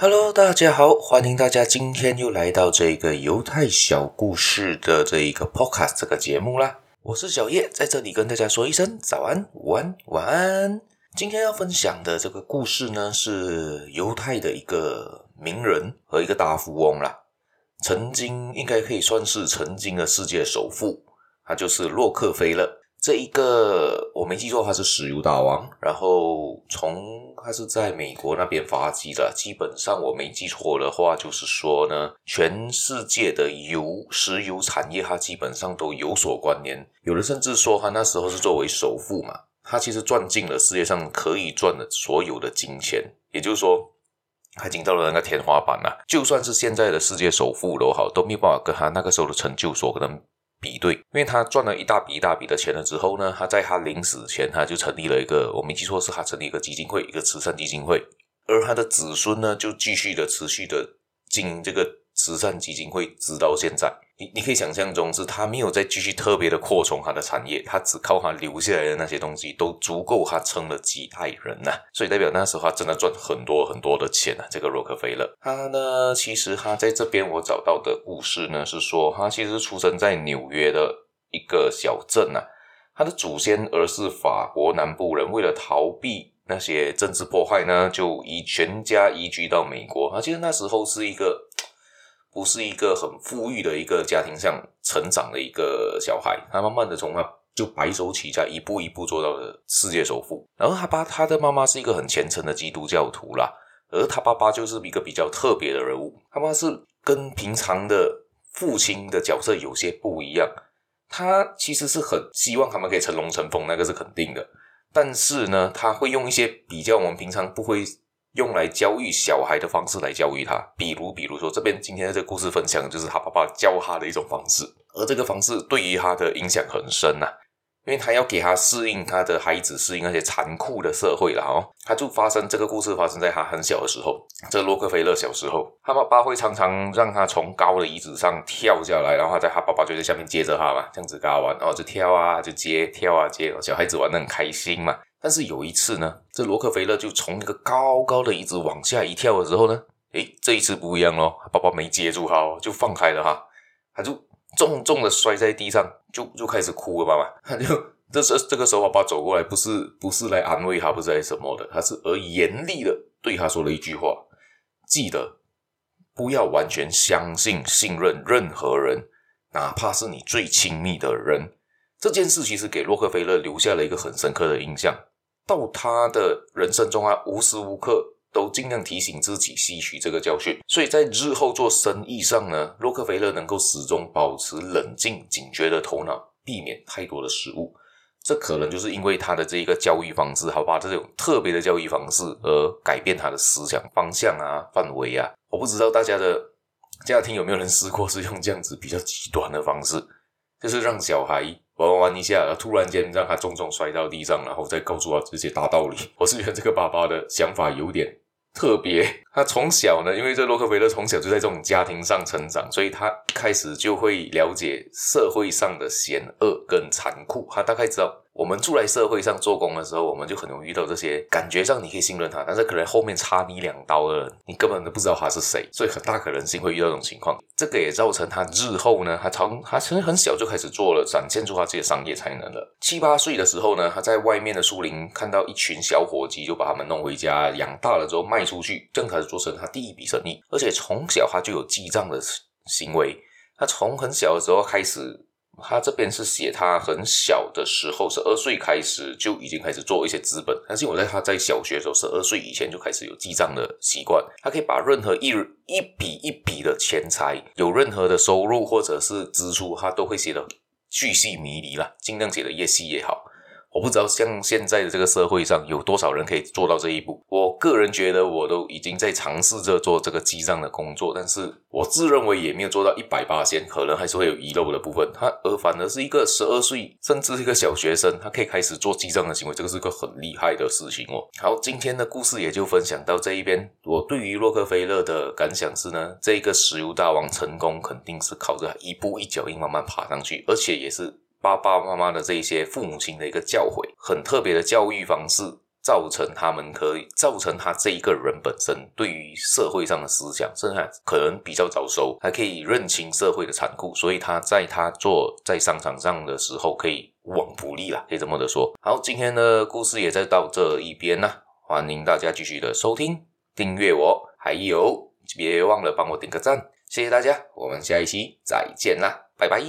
哈嘍，大家好，歡迎大家今天又來到這個猶太小故事的這一個 Podcast 這個節目啦。我是小葉，在這裡跟大家說一聲早安、午安、晚安。今天要分享的這個故事呢，是猶太的一個名人和一個大富翁啦，曾經應該可以算是曾經的世界首富，他就是洛克菲勒。這一個我沒記錯，他是石油大王。然後從他是在美國那邊發跡的，基本上我沒記錯的話，就是說呢，全世界的油石油產業他基本上都有所關聯。有的甚至說，他那時候是作為首富嘛，他其實賺盡了世界上可以賺的所有的金錢，也就是說，他已經到了那個天花板了。就算是現在的世界首富都好，都沒辦法跟他那個時候的成就所可能比對，因為他賺了一大筆一大筆的錢了之後呢，他在他臨死前，他就成立了一個，我沒記錯是他成立一個基金會，一個慈善基金會，而他的子孫呢，就繼續的持續的經營這個慈善基金會，直到現在。你你可以想象，中是他沒有再繼續特別的擴充他的產業，他只靠他留下來的那些東西都足夠他撐了幾代人吶、啊，所以代表那時候他真的賺很多很多的錢啊。這個洛克菲勒，他呢其實他在這邊我找到的故事呢是說，他其實出生在紐約的一個小鎮啊，他的祖先而是法國南部人，為了逃避那些政治迫害呢，就以全家移居到美國。啊，其實那時候是一個。不是一個很富裕的一個家庭上成長的一個小孩，他慢慢的從他就白手起家，一步一步做到了世界首富。然後他爸，他的媽媽是一個很虔誠的基督教徒啦，而他爸爸就是一個比較特別的人物。他媽是跟平常的父親的角色有些不一樣，他其實是很希望他們可以成龍成鳳，那個是肯定的。但是呢，他會用一些比較我們平常不會。用來教育小孩的方式來教育他，比如，比如說，這邊今天的這個故事分享就是他爸爸教他的一種方式，而這個方式對於他的影響很深吶、啊，因為他要給他適應他的孩子，適應那些殘酷的社會然哈、哦。他就發生這個故事發生在他很小的時候，這洛克菲勒小時候，他爸爸會常常讓他從高的椅子上跳下來，然後在他爸爸就在下面接着他嘛，這樣子跟他玩，然、哦、後就跳啊就接跳啊接、哦，小孩子玩得很開心嘛。但是有一次呢，這洛克菲勒就從一個高高的椅子往下一跳的時候呢，誒，這一次不一樣嘍，爸爸沒接住他，就放開了哈。他就重重的摔在地上，就就開始哭了。媽媽，他就這這這個時候，爸爸走過來，不是不是來安慰他，不是來什麼的，他是而嚴厲的對他說了一句話，記得不要完全相信信任任何人，哪怕是你最親密的人。這件事其實給洛克菲勒留下了一個很深刻的印象，到他的人生中啊，無時無刻都盡量提醒自己吸取這個教訓。所以在日後做生意上呢，洛克菲勒能夠始終保持冷靜，警覺的頭腦，避免太多的失誤。這可能就是因為他的這一個教育方式，好吧，這種特別的教育方式而改變他的思想方向啊、範圍啊。我不知道大家的家庭有沒有人試過，是用這樣子比較極端的方式，就是讓小孩。玩玩一下，然後突然間讓他重重摔到地上，然後再告訴他這些大道理。我是覺得這個爸爸的想法有點特別。他從小呢，因為這洛克菲勒從小就在這種家庭上成長，所以他開始就會了解社會上的險惡跟殘酷。他大概知道。我們出來社會上做工的時候，我們就很容易遇到這些感覺上你可以信任他，但是可能後面插你兩刀的人，你根本都不知道他是誰，所以很大可能性會遇到這種情況。這個也造成他日後呢，他從他從很小就開始做了，展現出他自己的商業才能了。七八歲的時候呢，他在外面的樹林看到一群小火雞，就把他們弄回家養大了之後賣出去，這樣開始做成他第一筆生意。而且從小他就有記賬的行行為，他從很小的時候開始。他這邊是寫他很小的時候，十二歲開始就已經開始做一些資本。但是我在他在小學的時候，十二歲以前就開始有記賬的習慣。他可以把任何一一筆一筆的錢財，有任何的收入或者是支出，他都會寫的巨細靡遺了，盡量寫的越細越好。我不知道像現在的這個社會上有多少人可以做到這一步。我個人覺得我都已經在嘗試着做這個記賬的工作，但是我自認為也沒有做到100%，可能還是會有遺漏的部分。他而反而是一個十二歲甚至是一個小學生，他可以開始做記賬的行為，這個是個很厲害的事情哦。好，今天的故事也就分享到這一邊。我對於洛克菲勒的感想是呢，這個石油大王成功肯定是靠着他一步一腳印慢慢爬上去，而且也是。爸爸媽媽的這一些父母親的一個教誨，很特別的教育方式，造成他們可以造成他這一個人本身對於社會上的思想，甚至可能比較早熟，還可以認清社會的殘酷，所以他在他做在商場上的時候可以無往不利啦，可以這麼的說。好，今天的故事也就到這一邊啦，歡迎大家繼續的收聽、訂閱我，還有別忘了幫我點個讚，謝謝大家，我們下一期再見啦，拜拜。